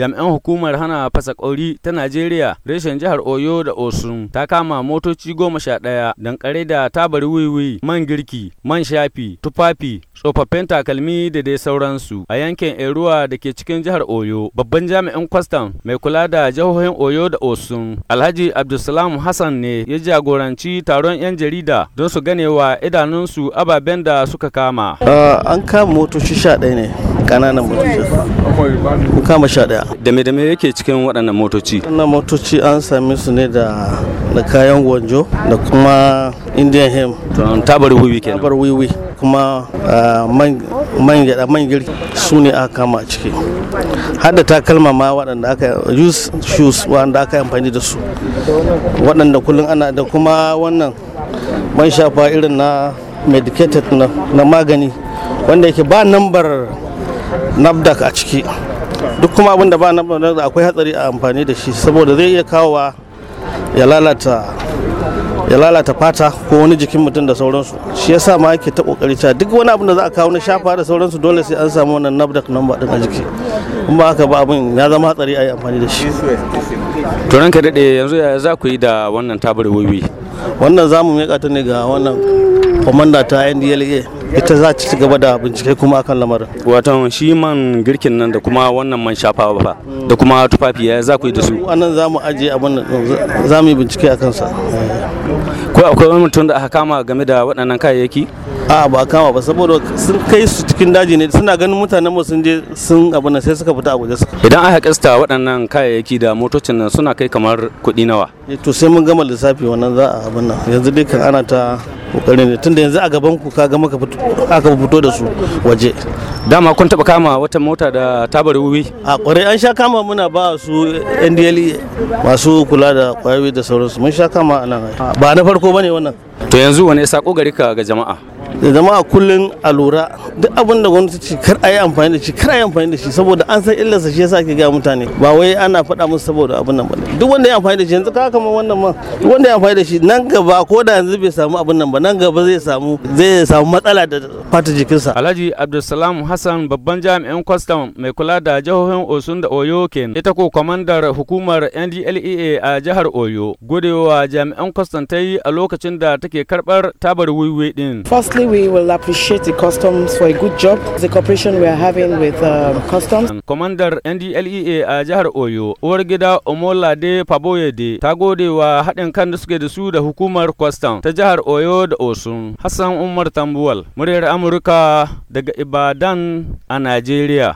jami'an hukumar hana fasa kauri ta najeriya reshen jihar oyo da osun ta kama motoci goma sha ɗaya dankare da tabar wiwi man girki man shafi tufafi tsofaffin takalmi da dai sauransu a yankin eruwa da ke cikin jihar oyo babban jami'in kwastam mai kula da jihohin oyo da osun alhaji abdulsalam hassan ne ya jagoranci taron 'yan jarida don su ganewa idanunsu ababen da suka kama ah, an kama motoci sha ɗaya ne kananan motoci mun kama sha daya da me da me yake cikin waɗannan motoci wannan motoci an same su ne da da kayan gwanjo da kuma indian hem tabar wiwi kenan tabar wiwi kuma ah, man man girki su ne aka kama ciki hada takalma ma waɗanda aka use shoes waɗanda aka amfani da su waɗanda kullum ana da kuma wannan man shafa irin na medicated na magani wanda yake ba nambar nafdak a ciki duk kuma abin da ba nafdak akwai hatsari a amfani da shi saboda zai iya kawowa ya lalata ya lalata fata ko wani jikin mutum da sauransu shi yasa ma yake ta kokari ta duk wani abin da za a kawo na shafa da sauransu dole sai an samu wannan nabdak namba din a jiki in ba aka ba abin ya zama hatsari a yi amfani da shi to ranka dade yanzu ya za ku yi da wannan tabar wiwi wannan zamu mika ta ne ga wannan komanda ta NDLA ita za ta ci gaba da bincike kuma akan lamarin wato shi man girkin nan da kuma wannan man shafa ba da kuma tufafi ya za ku yi da su anan za mu ajiye abin za mu yi bincike akan sa ko akwai wani mutum da aka kama game da waɗannan kayayyaki a ba kama ba saboda sun kai su cikin daji ne suna ganin mutanen mu sun je sun abu sai suka fita a guje suka idan aka kasta waɗannan kayayyaki da motocin nan suna kai kamar kuɗi nawa e, to sai mun gama lissafi wannan za a abin nan yanzu dai kan ana ta kokari ne tunda yanzu a gaban ku ka ga maka aka fito da su waje dama kun taba kama wata mota da tabar wuwi a kwarai an sha kama muna ba su ndl e masu kula da kwayoyi da sauransu mun sha kama nan ba na farko bane wannan to yanzu wani sako gari ka ga jama'a da zama a kullun a lura duk abin da gwamnati ce kar a yi amfani da shi kar a yi amfani da shi saboda an san illarsa shi yasa ake ga mutane ba wai ana faɗa musu saboda abin nan ba duk wanda ya amfani da shi yanzu ka kamar wannan ma duk wanda ya amfani da shi nan gaba ko da yanzu bai samu abin nan ba nan gaba zai samu zai samu matsala da fata jikinsa Alhaji Abdulsalam Hassan babban jami'in kwastam mai kula da jihohin Osun da Oyo ken ita ko kwamandar hukumar NDLEA a jihar Oyo godewa jami'an kwastam ta yi a lokacin da take karbar tabar wiwi din First Firstly, we will appreciate the customs for a good job, the cooperation we are having with uh, customs. Um, Commander NDLEA a jihar Oyo, uwar gida Omolade Faboyede ta gode wa haɗin kan da suke da su da hukumar kwastam ta jihar Oyo da Osun. Hassan Umar Tambuwal, muryar Amurka daga Ibadan a Najeriya.